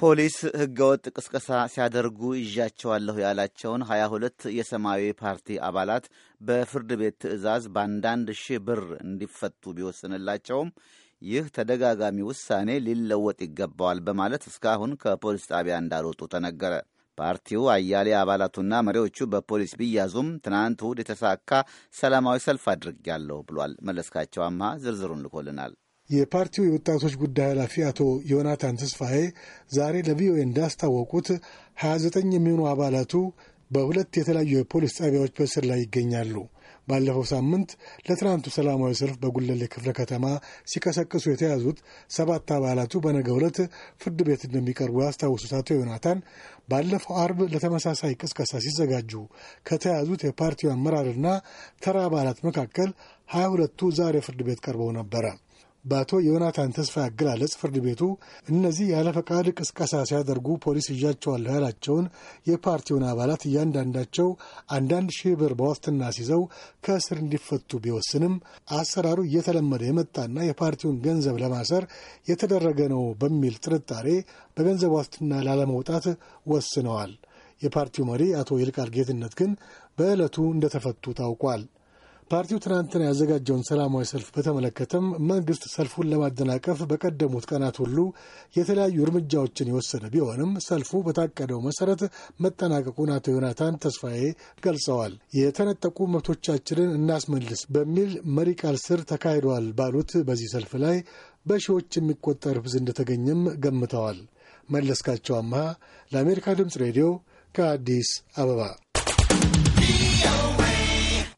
ፖሊስ ህገወጥ ቅስቀሳ ሲያደርጉ ይዣቸዋለሁ ያላቸውን ሀያ ሁለት የሰማያዊ ፓርቲ አባላት በፍርድ ቤት ትዕዛዝ በአንዳንድ ሺህ ብር እንዲፈቱ ቢወስንላቸውም ይህ ተደጋጋሚ ውሳኔ ሊለወጥ ይገባዋል በማለት እስካሁን ከፖሊስ ጣቢያ እንዳልወጡ ተነገረ። ፓርቲው አያሌ አባላቱና መሪዎቹ በፖሊስ ቢያዙም ትናንት እሁድ የተሳካ ሰላማዊ ሰልፍ አድርጌያለሁ ብሏል። መለስካቸው አምሃ ዝርዝሩን ልኮልናል። የፓርቲው የወጣቶች ጉዳይ ኃላፊ አቶ ዮናታን ተስፋዬ ዛሬ ለቪኦኤ እንዳስታወቁት 29 የሚሆኑ አባላቱ በሁለት የተለያዩ የፖሊስ ጣቢያዎች በእስር ላይ ይገኛሉ። ባለፈው ሳምንት ለትናንቱ ሰላማዊ ሰልፍ በጉለሌ ክፍለ ከተማ ሲቀሰቅሱ የተያዙት ሰባት አባላቱ በነገ ዕለት ፍርድ ቤት እንደሚቀርቡ ያስታውሱት አቶ ዮናታን ባለፈው አርብ ለተመሳሳይ ቅስቀሳ ሲዘጋጁ ከተያዙት የፓርቲው አመራርና ተራ አባላት መካከል ሀያ ሁለቱ ዛሬ ፍርድ ቤት ቀርበው ነበረ። በአቶ ዮናታን ተስፋ አገላለጽ ፍርድ ቤቱ እነዚህ ያለ ፈቃድ ቅስቀሳ ሲያደርጉ ፖሊስ ይዣቸዋለሁ ያላቸውን የፓርቲውን አባላት እያንዳንዳቸው አንዳንድ ሺህ ብር በዋስትና ሲዘው ከእስር እንዲፈቱ ቢወስንም አሰራሩ እየተለመደ የመጣና የፓርቲውን ገንዘብ ለማሰር የተደረገ ነው በሚል ጥርጣሬ በገንዘብ ዋስትና ላለመውጣት ወስነዋል። የፓርቲው መሪ አቶ ይልቃል ጌትነት ግን በዕለቱ እንደተፈቱ ታውቋል። ፓርቲው ትናንትና ያዘጋጀውን ሰላማዊ ሰልፍ በተመለከተም መንግስት ሰልፉን ለማደናቀፍ በቀደሙት ቀናት ሁሉ የተለያዩ እርምጃዎችን የወሰደ ቢሆንም ሰልፉ በታቀደው መሰረት መጠናቀቁን አቶ ዮናታን ተስፋዬ ገልጸዋል። የተነጠቁ መብቶቻችንን እናስመልስ በሚል መሪ ቃል ስር ተካሂደዋል ባሉት በዚህ ሰልፍ ላይ በሺዎች የሚቆጠር ህዝብ እንደተገኘም ገምተዋል። መለስካቸው አምሃ ለአሜሪካ ድምፅ ሬዲዮ ከአዲስ አበባ